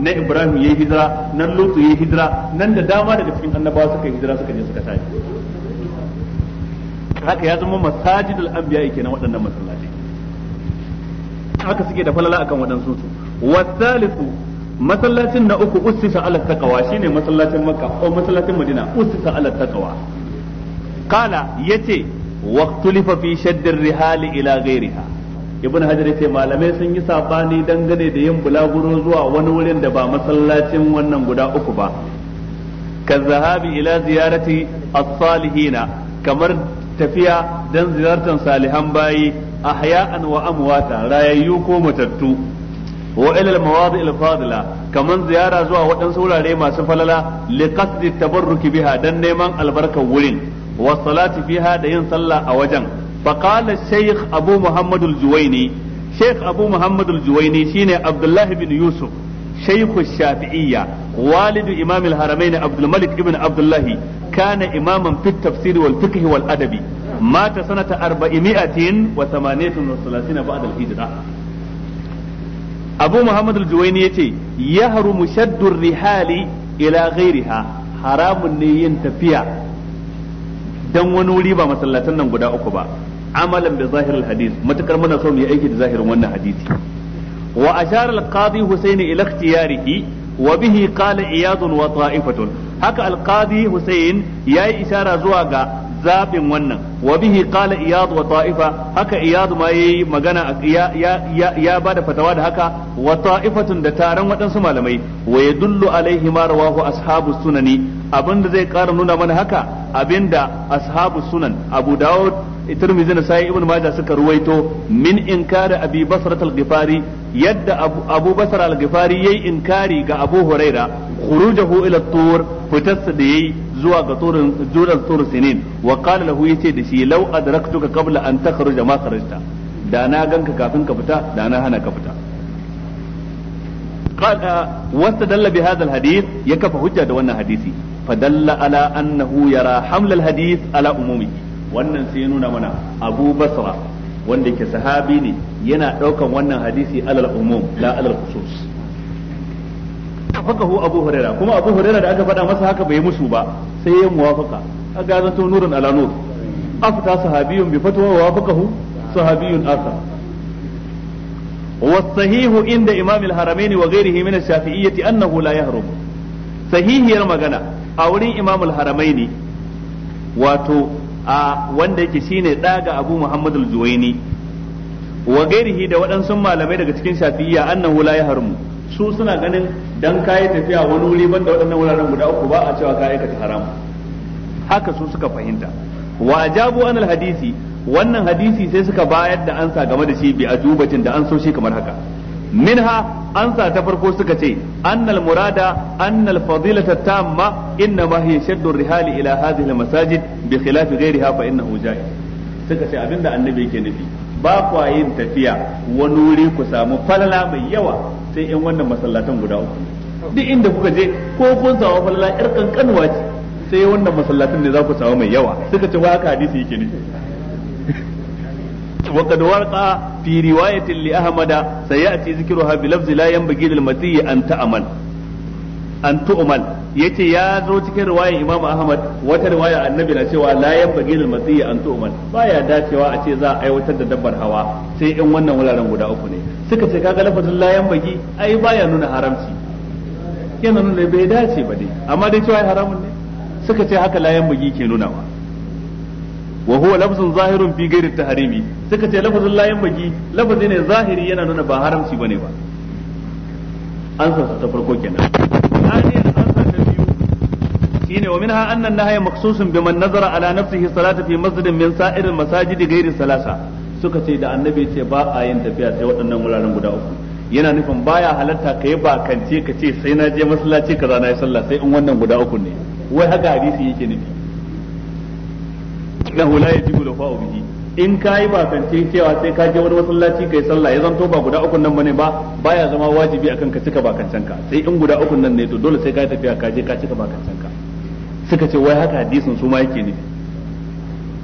na Ibrahim ya yi hijira nan Lutu ya yi hijira nan da dama daga cikin annabawa suka yi hijira suka je suka tashi haka ya zama masajidul anbiya kenan waɗannan masallatai haka suke da falala akan waɗansu su wasalisu masallacin na uku ussisa ala taqwa shine masallacin makka ko masallacin madina ussisa ala taqwa kala yace waqtulifa fi shaddir rihali ila ghairiha ibn hajar yace malamai sun yi sabani dangane da yin bulaguro zuwa wani wurin da ba masallacin wannan guda uku ba kan zahabi ila ziyarati as-salihina kamar tafiya dan ziyartar salihan bayi ahya'an wa amwata rayayyu ko matattu wa ila al-mawadi' al-fadila kamar ziyara zuwa waɗansu wurare masu falala li qasdi tabarruki biha dan neman albarkar wurin wa salati fiha da yin sallah a wajen فقال الشيخ أبو محمد الجويني شيخ أبو محمد الجويني شين عبد الله بن يوسف شيخ الشافعية والد إمام الحرمين عبد الملك بن عبد الله كان إماما في التفسير والفقه والأدب مات سنة 438 بعد الهجرة أبو محمد الجويني يتي يهرم شد الرحال إلى غيرها حرام ني ينتفيا dan wani wuri ba masallatan nan guda uku ba amalan bi zahiril hadis matakar so mu yi aiki da zahirin wannan hadisi wa ashara al-qadi husaini ila ikhtiyarihi wa bihi qala iyad wa ta'ifatun haka al-qadi husain yayi isara zuwa ga zabin wannan wa bihi qala iyad wa ta'ifa haka iyad ma yayi magana ya ya ya bada fatawa da haka wa ta'ifatun da taron waɗansu malamai wa dullu alaihi ma rawahu ashabu sunani abinda zai ƙara nuna mana haka abin da ashabu sunan abu dawud tirmidhi na sai ibn majah suka min inkari abi basrat yadda abu basra al yayi inkari ga abu huraira da yayi zuwa ga turin zuwan tur sinin wa qala lahu yace da shi law adraktuka qabla an na ka fita قال واستدل بهذا الحديث يكفى حجة دون حديثي فدل على أنه يرى حمل الحديث على wannan sai ya nuna mana abu basra wanda ke sahabi ne yana ɗaukan wannan hadisi alal umum la alal khusus fakahu abu huraira kuma abu huraira da aka faɗa masa haka bai musu ba sai ya muwafaka kaga zan to nurun ala nur afta sahabiyun bi fatwa wa wafaqahu sahabiyun akhar والصحيح عند إمام الحرمين وغيره من الشافعية أنه لا يهرب صحيح يا مغنى أولين إمام الحرمين wato. a wanda yake shine da ga Abu Muhammad al-Juwayni wa gairihi da waɗansu malamai daga cikin Shafi'iyya annahu la yahrumu su suna ganin dan kai tafiya wani wuri banda waɗannan wuraren guda uku ba a cewa ka aikata haram haka su suka fahimta wa ajabu anal hadisi wannan hadisi sai suka bayar da ansa game da shi bi ajubatin da an so shi kamar haka minha An ansa ta farko suka ce annal murada annal fadilata tamma inna ma hiya shaddu rihali ila hadhihi masajid bi khilafi ghayriha fa innahu jaiz suka ce abinda annabi yake nufi ba kwa yin tafiya wani wuri ku samu falala mai yawa sai in wannan masallatan guda uku duk inda kuka je ko kun samu falala yar kanwa ce sai wannan masallatan ne za ku samu mai yawa suka ce wa hadisi yake nufi وقد ورق في رواية لأحمد سيأتي ذكرها بلفظ لا ينبغي للمتي أن تأمن أن تؤمن yace ya zo cikin riwayar Imam Ahmad wata riwaya annabi na cewa la yanbaghi lil mati an tu'man baya dacewa a ce za a aiwatar da dabbar hawa sai in wannan wuraren guda uku ne suka ce kaga lafazin la yanbaghi ai baya nuna haramci yana bai dace ba amma dai cewa haramun ne suka ce haka ke nunawa wa huwa lafzun zahirun fi ghairi tahrimi suka ce lafzun la yanbaghi lafzi ne zahiri yana nuna ba haramci bane ba an sa ta farko kenan hadiyar an sa ta biyu shine wa minha anna an-nahya maqsusun biman nazara ala nafsihi salata fi masjidin min sa'iril masajidi ghairi salasa suka ce da annabi ce ba a yin tafiya sai waɗannan wuraren guda uku yana nufin baya halarta ka yi bakance ka ce sai na je masallaci kaza na yi sallah sai in wannan guda uku ne wai haka hadisi yake nufi innahu la yajibu dafa'u bihi in ka yi bakance cewa sai ka je wani masallaci kai sallah ya zanto ba guda ukun nan bane ba baya zama wajibi akan ka cika bakancen ka sai in guda ukun nan ne to dole sai ka yi tafiya ka je ka cika bakancen ka suka ce wai haka hadisin su ma yake ne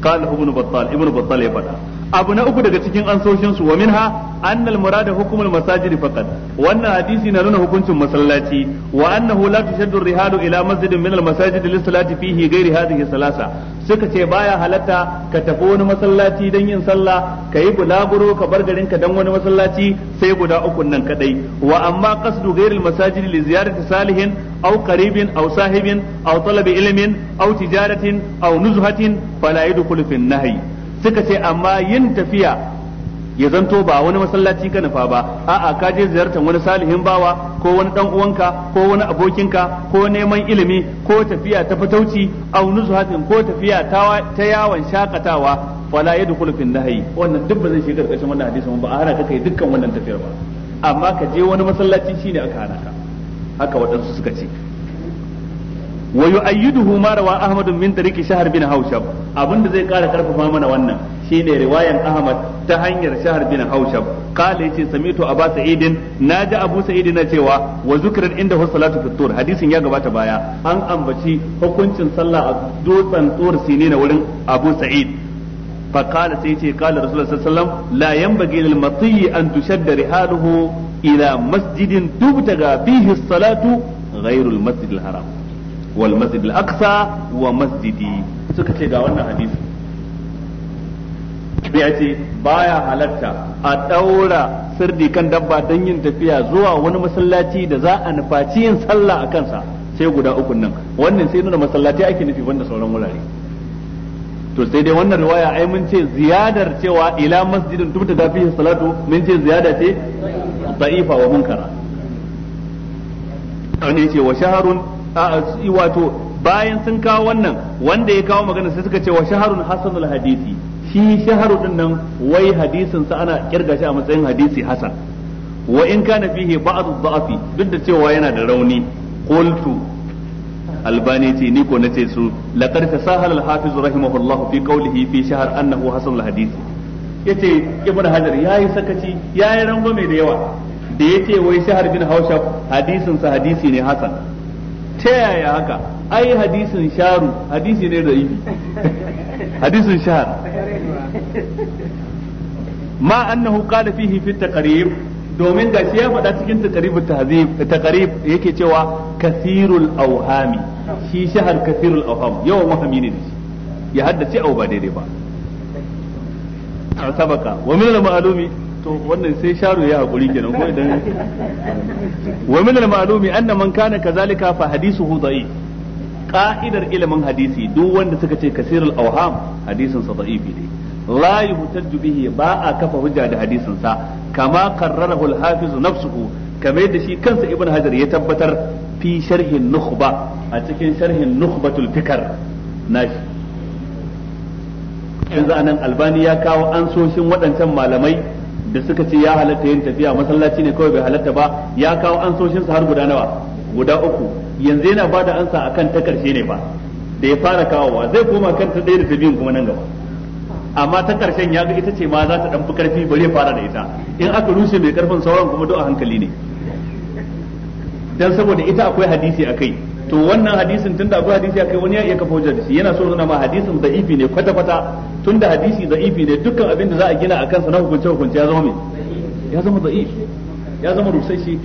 qala ibnu battal ibnu battal ya fada abu na uku daga cikin ansoshin su wa minha annal murada hukumul masajidi faqat wannan hadisi na nuna hukuncin masallaci wa annahu la tushaddu rihalu ila masjidin min al masajidi lis salati fihi ghairi hadhihi salasa suka ce baya halatta ka tafi wani masallaci don yin sallah ka yi bulaguro ka bar garin ka dan wani masallaci sai guda uku nan kadai wa amma qasdu ghairil masajidi li ziyarati salihin aw qaribin aw sahibin aw talabi ilmin aw tijaratin aw nuzhatin fala yadkhulu fin nahyi suka ce amma yin tafiya ya zanto ba wani masallaci ka nufa ba a'a ka je ziyartar wani salihin bawa ko wani dan uwanka ko wani abokinka ko neman ilimi ko tafiya ta fatauci aw nuzhatin ko tafiya ta yawon shakatawa fala yadkhulu fil nahyi wannan duk ba zai shiga karkashin wannan hadisin ba a hana ka kai dukkan wannan tafiyar ba amma ka je wani masallaci shine aka hana ka haka waɗansu suka ce wa yu'ayyiduhu ma rawa Ahmad min tariqi Shahr bin Haushab da zai kara karfafa mana wannan shine riwayan Ahmad ta hanyar Shahr bin Haushab kale yace samitu Abu Sa'id naji Abu Sa'id na cewa wa zukran inda hu salatu fitur hadisin ya gabata baya an ambaci hukuncin sallah a dutsen tsor sinina wurin Abu Sa'id فقال سيتي قال رسول الله صلى الله عليه وسلم لا ينبغي للمطي أن تشد رحاله إلى مسجد تبتغى فيه الصلاة غير المسجد wal masjid al-aqsa wa masjidi suka ce ga wannan hadisi sai ya ce baya halatta a daura sirdi kan dabba don yin tafiya zuwa wani masallaci da za a nufaci yin sallah a kansa sai guda uku nan wannan sai nuna masallaci ake nufi banda sauran wurare to sai dai wannan riwaya ai mun ce ziyadar cewa ila masjidin duk da fihi salatu mun ce ziyada ce da'ifa wa munkara an ce wa shahrun wato bayan sun kawo wannan wanda ya kawo magana sai suka ce wa shaharun hasanul hadisi shi shaharu din nan wai hadisin sa ana kirga shi a matsayin hadisi hasan wa in kana fihi ba'd dha'fi duk da cewa yana da rauni qultu albani ce ni ko nace su laqad tasahal al-hafiz rahimahullah fi qawlihi fi shahar annahu hasan hadisi yace ibnu hajar yayi sakaci yayi mai da yawa da yace wai shahar bin haushab hadisin sa hadisi ne hasan ta yaya haka ai hadisin sharu hadisi ne da ifi hadisin shahar ma annahu qala fihi fi taqrib domin ga shi ya faɗa cikin taqrib tahzib taqrib yake cewa kasirul awhami shi shahar kasirul awham yawan wahami ne ya haddace au ba daidai ba sabaka wa min al-ma'lumi to wannan sai sharu ya hakuri kenan ko idan wa min al ma'lumi anna man kana kazalika fa hadithuhu da'if ka'idar ilimin hadisi duk wanda suka ce kasirul awham hadisin sa da'ifi ne la yuhtajju bihi ba a kafa hujja da hadisin sa kama qarrarahu al hafiz nafsuhu kamar yadda shi kansa ibn hajar ya tabbatar fi sharhin nukhba a cikin sharhin nukhbatul fikar nashi yanzu anan albani ya kawo ansoshin waɗancan malamai da suka ce ya halatta yin tafiya masallaci ne kawai bai halatta ba ya kawo ansoshinsa har guda nawa guda uku yanzu yana bada ansa akan ta karshe ne ba da ya fara kawowa zai koma kan ta ɗaya da ta biyun kuma nan gaba amma ta karshen ya ga ita ce ma za ta ɗan fi ƙarfi bari ya fara da ita in aka rushe mai ƙarfin sauran kuma duk a hankali ne dan saboda ita akwai hadisi a kai to wannan hadisin tunda akwai hadisi akai wani ya iya kafa hujja da shi yana so nuna ma hadisin da'ifi ne kwata kwata tunda hadisi da'ifi ne dukkan abin da za a gina akan sa na hukunce hukunce ya zama me ya zama da'if ya zama rusashi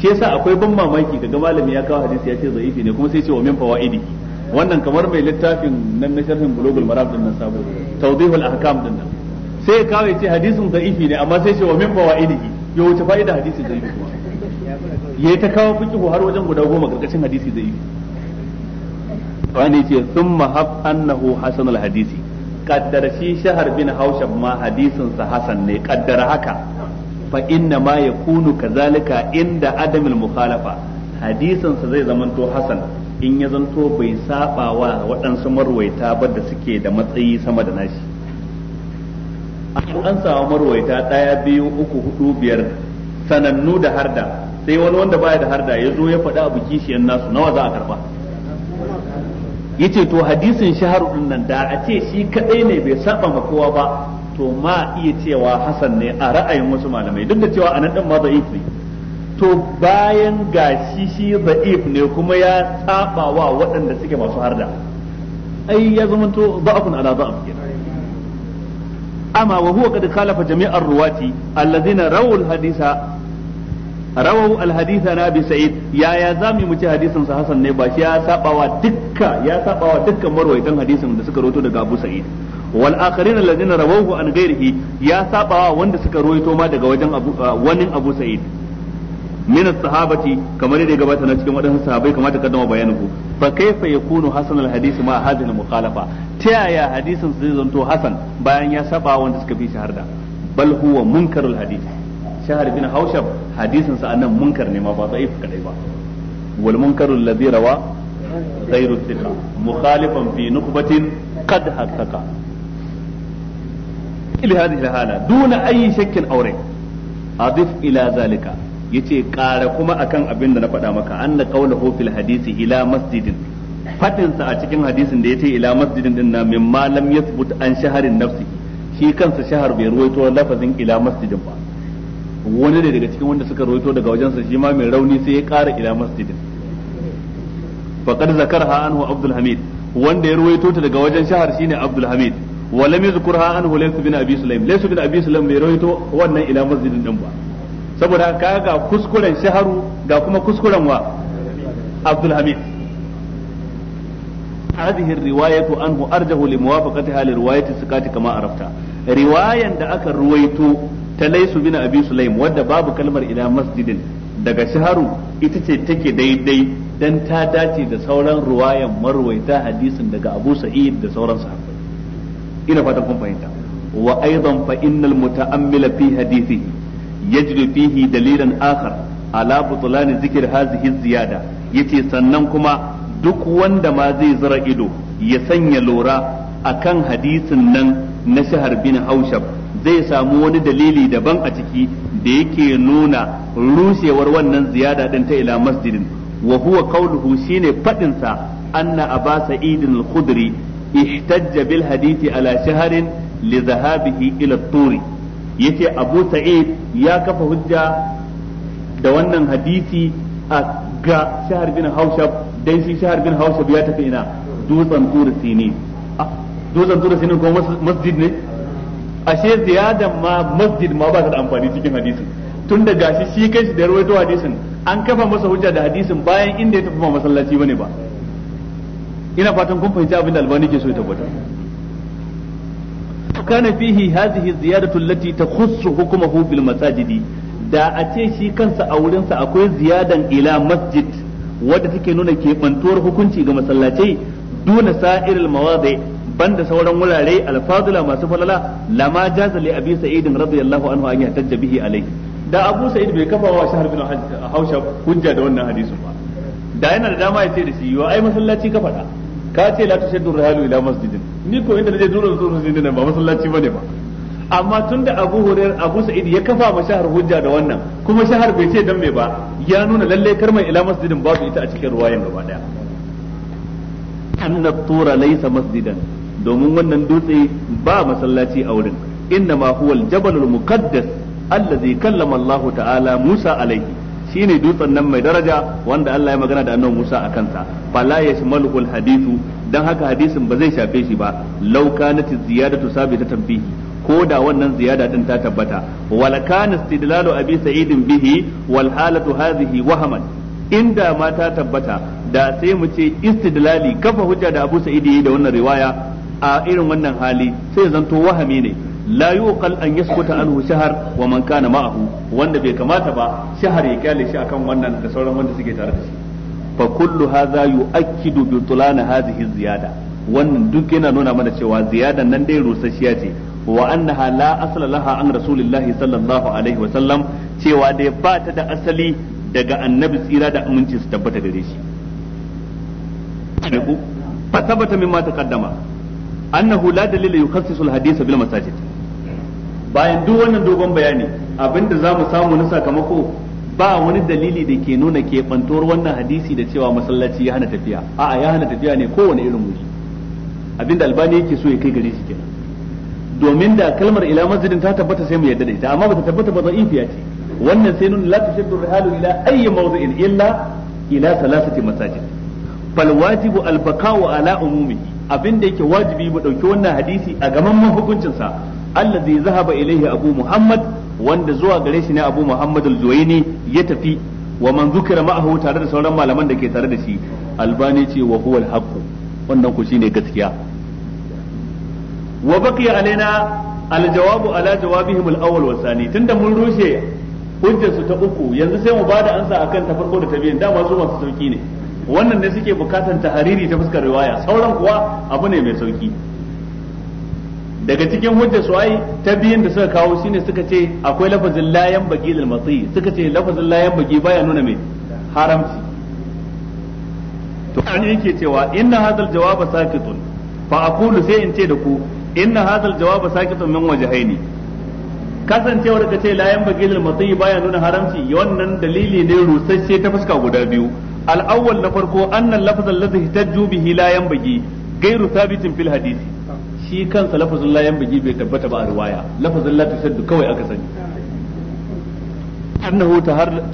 shi yasa akwai ban mamaki daga malami ya kawo hadisi ya ce da'ifi ne kuma sai ce wa min fawaidi wannan kamar mai littafin nan na sharhin bulugul marab din nan sabo tawdihul ahkam din nan sai ya kawo ya ce hadisin da'ifi ne amma sai ce wa min fawaidi ya wuce fa'ida hadisin da'ifi kuma yayi ta kawo har wajen guda goma karkashin hadisi zai yi ne ce sun hab annahu hasan hadisi kaddara shi shahar bin haushab ma hadisinsa sa hasan ne kaddara haka fa inna ma yakunu kazalika inda adamil mukhalafa hadisin sa zai zamanto hasan in ya zanto bai saba wa waɗansu marwaita ba da suke da matsayi sama da nashi an samu marwaita ɗaya biyu uku hudu biyar sanannu da harda sai wani wanda baya da harda ya zo ya faɗa abu kishiyar nasu nawa za a karba yace to hadisin shaharu din nan da a ce shi kadai ne bai saba ma kowa ba to ma iya cewa hasan ne a ra'ayin wasu malamai duk da cewa anan din ma da'if ne to bayan gashi shi da'if ne kuma ya saba wa waɗanda suke masu harda ai ya zama to da'afun ala da'af kenan amma wa huwa qad khalafa jami'ar ruwati alladhina rawul hadisa rawahu alhadisa na abi sa'id ya zamu mu ci hadisin sa hasan ne ba shi ya sabawa dukka ya sabawa dukkan marwaitan hadisin da suka roto daga abu sa'id wal akharin alladhina rawahu an ghairihi ya sabawa wanda suka roito ma daga wajen abu ah, wani abu sa'id min sahabati kamar yadda gabata na cikin wadannan sahabbai kamar ta kaddama bayanuku fa kaifa yakunu hasan alhadisi ma hadhihi mukhalafa ta yaya hadisin zai zanto hasan bayan ya saba wanda suka fi shaharda bal huwa munkarul hadisi shahar bin haushab hadisin sa annan munkar ne ma ba da'if kadai ba wal munkarul ladhi rawa ghayru thiqa mukhalifan fi nukhbatin qad haqqaqa ila hadhihi alhala duna ayi shakkin aure adif ila zalika yace ƙara kuma akan abin da na faɗa maka anna qawluhu fil hadisi ila masjidin fatinsa a cikin hadisin da yace ila masjidin din na mimma lam yathbut an shaharin nafsi shi kansa shahar bai ruwaito lafazin ila masjidin ba wani ne daga cikin wanda suka rawaito daga wajensa shi ma mai rauni sai ya ƙara ila masjidin faqad zakarha anhu abdul hamid wanda ya rawaito ta daga wajen shahar shine abdul hamid wa lam yuzkurha anhu laysa bin abi sulaim laysa bin abi sulaim mai rawaito wannan ila masjidin din ba saboda kaga ga kuskuren shaharu ga kuma kuskuren wa abdul hamid هذه الرواية أنه أرجه لموافقتها لرواية السكات كما arafta رواية دا أكا رويتو ta laisu bin abi sulaim wadda babu kalmar ila masjidin daga shaharu ita ce take daidai dan ta dace da sauran ruwayan marwaita hadisin daga abu sa'id da sauran sahabbai ina fatan kun fahimta wa aidan fa innal muta'ammila fi hadithihi yajri fihi dalilan akhar ala butlan zikr hadhihi ziyada yace sannan kuma duk wanda ma zai zira ido ya sanya lura akan hadisin nan na shahar bin haushab zai samu wani dalili daban a ciki da yake nuna rushewar wannan ziyada din ta ila masjidin wa huwa qawluhu shine fadin sa anna aba sa'id al-khudri ihtajja bil hadithi ala shahrin li dhahabihi ila at yace abu sa'id ya kafa hujja da wannan hadisi a ga shahar bin haushab dan shi shahar bin haushab ya tafi ina dutsen tur sinin ah, dutsen tur sinin ko masjid ne ashe ziyadan ma masjid ma ba ta da amfani cikin hadisin tun da gashi shi kai da rawaito hadisin an kafa masa hujja da hadisin bayan inda ya tafi ba masallaci bane ba ina fatan kun fahimci abin da albani ke so ya tabbatar kana fihi hadhihi ziyadatu allati takhussu hukmuhu fil masajidi da a ce shi kansa a wurinsa akwai ziyadan ila masjid wadda take nuna keɓantuwar hukunci ga masallacai duna sa'iril mawadi banda sauran wurare alfazula masu falala lama jaza li abi sa'id radiyallahu anhu an yahtajja bihi alayhi da abu sa'id bai kafa wa shahr bin hausha hujja da wannan hadisi ba da yana da dama ya ce da shi yo ai masallaci ka fada ka ce la tushaddu rihalu ila masjidin ni ko inda naje dole zuwa masjidin ba masallaci bane ba amma tunda Abu hurair Abu Sa'id ya kafa ma shahar hujja da wannan kuma shahar bai ce dan me ba ya nuna lalle karma ila masjidin babu ita a cikin ruwayan gaba daya anna tura laysa masjidan domin wannan dutse ba masallaci a wurin innama huwa al-jabalul muqaddas allazi kallama Allah ta'ala Musa alaihi shine dutsen nan mai daraja wanda Allah ya magana da annabi Musa a kansa fala yashmaluhu al-hadithu dan haka hadisin ba zai shafe shi ba law kanat ziyadatu sabita bihi ko da wannan ziyada din ta tabbata wal kana istidlalu abi sa'id bihi wal halatu hadhihi wahaman inda ma ta tabbata da sai mu ce istidlali kafa hujja da abu sa'id da wannan riwaya a irin wannan hali sai zanto wahami ne la yuqal an yaskuta anhu shahar wa man kana ma'ahu wanda bai kamata ba shahar ya kyale shi akan wannan da sauran wanda suke tare da shi fa kullu hadha yu'akkidu bi tulana hadhihi ziyada wannan duk yana nuna mana cewa ziyadan nan dai rusasshiya ce wa annaha la asla laha an rasulillahi sallallahu alaihi wa sallam cewa dai ba ta da asali daga annabi tsira da aminci su tabbata gare shi fa tabbata mimma taqaddama annahu la dalila yukhassisu al bil masajid bayan duk wannan dogon bayani abinda zamu samu na sakamako ba wani dalili da ke nuna ke bantuwar wannan hadisi da cewa masallaci ya hana tafiya a'a ya hana tafiya ne kowane irin wuri abinda albani yake so ya kai gare shi kenan domin da kalmar ila masjidin ta tabbata sai mu yadda da ita amma bata tabbata ba fiya ce wannan sai nuna la tashaddu rihalu ila ayi mawdu'in illa ila salasati masajid fal wajibu al baqa'u ala umumihi abin da yake wajibi mu ɗauki wannan hadisi a gaman mun hukuncin sa allazi zahaba ilaihi abu muhammad wanda zuwa gare shi ne abu muhammad al-zuwaini ya tafi wa man zukira ma'ahu tare da sauran malaman da ke tare da shi albani ce wa huwa al wannan ku shine gaskiya wa baqiya alaina al-jawabu ala jawabihim al-awwal wa thani tunda mun rushe hujjar su ta uku yanzu sai mu bada ansa akan ta farko da ta biyu dama su masu sauki ne wannan ne suke bukatan tahariri ta fuskar riwaya sauran kuwa abu ne mai sauki daga cikin hujjar su ai ta biyun da suka kawo shine suka ce akwai lafazin layan baki lil matsi suka ce lafazin layan baki baya nuna mai haramci to an yake cewa inna hadal jawab sakitun fa aqulu sai in ce da ku inna hadal jawab sakitun min wajhaini kasancewar ka ce layan baki lil matsi baya nuna haramci wannan dalili ne rusasshe ta fuska guda biyu al-awwal na farko annal lafz alladhi ihtajju bihi la yanbaghi ghayru thabitin fil hadith shi kansa lafazin la yanbaghi bai tabbata ba a riwaya lafazin la tashaddu kawai aka sani annahu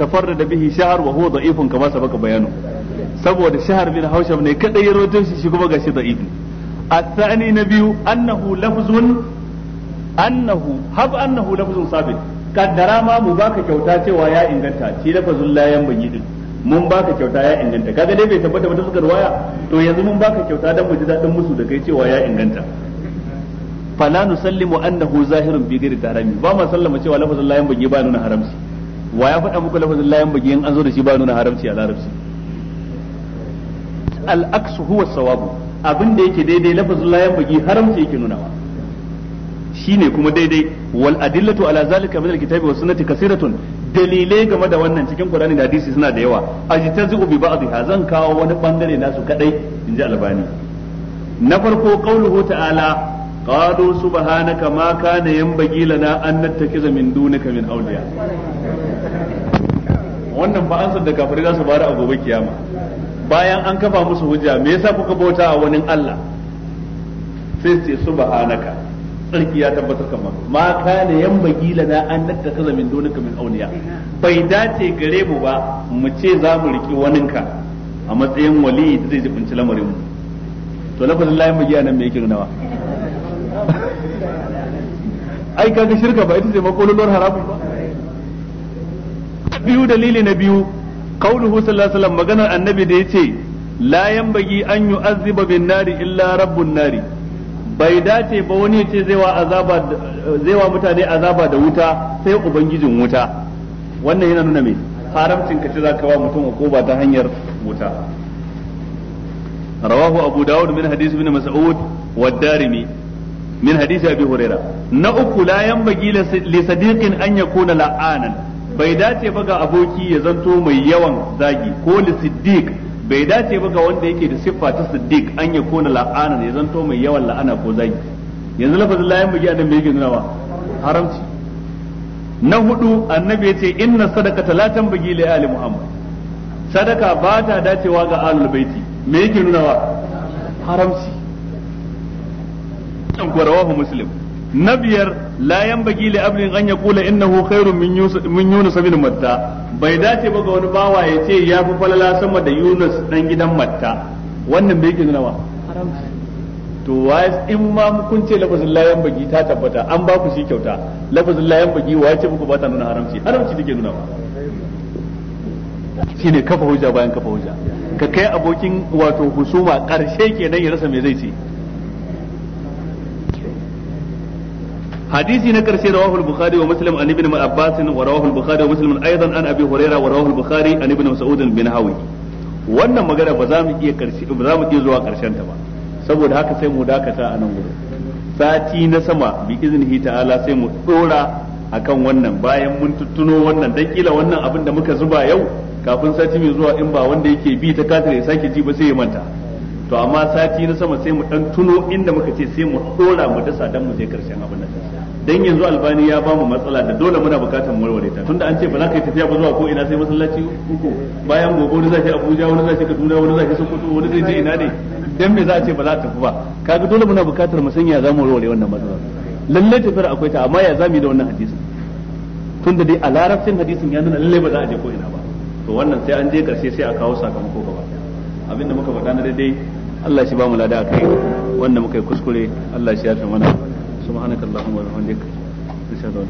tafarrada bihi shahr wa huwa da'ifun kama sabaka bayanu saboda shahr bin hausham ne kadai ya rawaito shi kuma gashi da'if الثاني نبي أنه لفظ أنه هب أنه لفظ ثابت kaddara ma mu baka kyauta cewa ya inganta shi lafazin la yan din mun baka kyauta ya inganta kaga dai bai tabbata ba ta suka waya to yanzu mun baka kyauta dan mu ji dadin musu da kai cewa ya inganta fala nusallimu annahu zahirun bi ghairi tarami ba ma sallama cewa lafazin la yanbaghi ba nuna haramci wa ya faɗa muku lafazin la yanbaghi in an zo da shi ba nuna haramci a larabci al aksu huwa sawabu abin da yake daidai lafazin la yanbaghi haramci yake nunawa shine kuma daidai wal adillatu ala zalika min al kitabi was sunnati kasiratun dalilai game da wannan cikin Qur'ani da hadisi suna da yawa ajtazu bi ba'dha zan kawo wani bangare na su kadai inji albani na farko qauluhu ta'ala qadu subhanaka ma kana yanbaghi lana an nattakiza min dunika min awliya wannan ba ansar da kafirai za su bari a gobe kiyama bayan an kafa musu hujja me yasa kuka bauta a wani Allah sai su ce subhanaka tsarki ya tabbatar kan manzo ma kana yanbagi lana an nattakhadha min dunika min auniya. bai dace gare mu ba mu ce za mu riki waninka a matsayin wali da zai jibinci lamarin mu to lafazin la magiya nan mai yake nawa? ai kaga shirka ba ita ce makololon haramun ba biyu dalili na biyu qauluhu sallallahu alaihi wasallam maganar annabi da yace la yanbagi an yu'azziba bin nari illa rabbun nari bai dace ba wani ce zai wa mutane azaba da wuta sai ubangijin wuta wannan yana nuna mai haramcin ka ce ka wa mutum ko ba ta hanyar wuta rawahu abu dawud min hadisi bin mas'ud wad darimi min hadisi abi hurairah na uku la yanbaghi li sadiqin an yakuna la'anan bai dace ba ga aboki ya zanto mai yawan zagi ko li siddiq bai dace ba ga wanda yake da siffa ta siddiq an ya kona la'ana ne zanto mai yawan la'ana ko zai yanzu lafazin layan bugi adam bai yake wa haramci na hudu annabi ya ce inna sadaqata la tanbaghi li ali muhammad sadaka ba ta dacewa ga alul baiti me yake nunawa haramci an ko rawahu muslim na biyar la yanbaghi li abdin an yaqula innahu khairun min yusuf min yunus bin matta bai dace ba ga wani bawa ya ce ya fi falala sama da yunus dan gidan matta wannan bai yake nawa to wa in ma kun ce lafazin la yanbaghi ta tabbata an ba ku shi kyauta lafazin la yanbaghi wa ce muku ba ta nuna haramci haramci take nuna wa shine kafa hujja bayan kafa hujja ka kai abokin wato husuma karshe kenan ya rasa me zai ce hadisi na karshe rawahu al-bukhari wa muslim an ibn abbas wa rawahu al-bukhari wa muslim aidan an abi huraira wa wannan magana ba za mu iya karshe ba za mu iya zuwa karshen ta ba saboda haka sai mu dakata a nan gudu sati na sama bi iznihi ta'ala sai mu dora akan wannan bayan mun tuttuno wannan dan kila wannan abin da muka zuba yau kafin sati mai zuwa in ba wanda yake bi ta katar ya sake ji ba sai ya manta to amma sati na sama sai mu dan tuno inda muka ce sai mu dora mu dasa dan mu je karshen abin nan dan yanzu albani ya mu matsala da dole muna bukatar warware ta tunda an ce ba za ka yi tafiya ba zuwa ko ina sai masallaci uku bayan gobe wani zai Abuja wani zai Kaduna wani zai Sokoto wani zai je ina ne dan me za a ce ba za ta tafi ba kaga dole muna bukatar mu sanya za mu warware wannan matsala lalle tafiyar akwai ta amma ya zami da wannan hadisin tunda dai a larabcin hadisin ya nuna lalle ba za a je ko ina ba to wannan sai an je karshe sai a kawo sakamako gaba abinda muka faɗa na daidai Allah shi ba mu lada kai wanda muka yi kuskure Allah shi ya fi mana subhanakallahumma wa bihamdika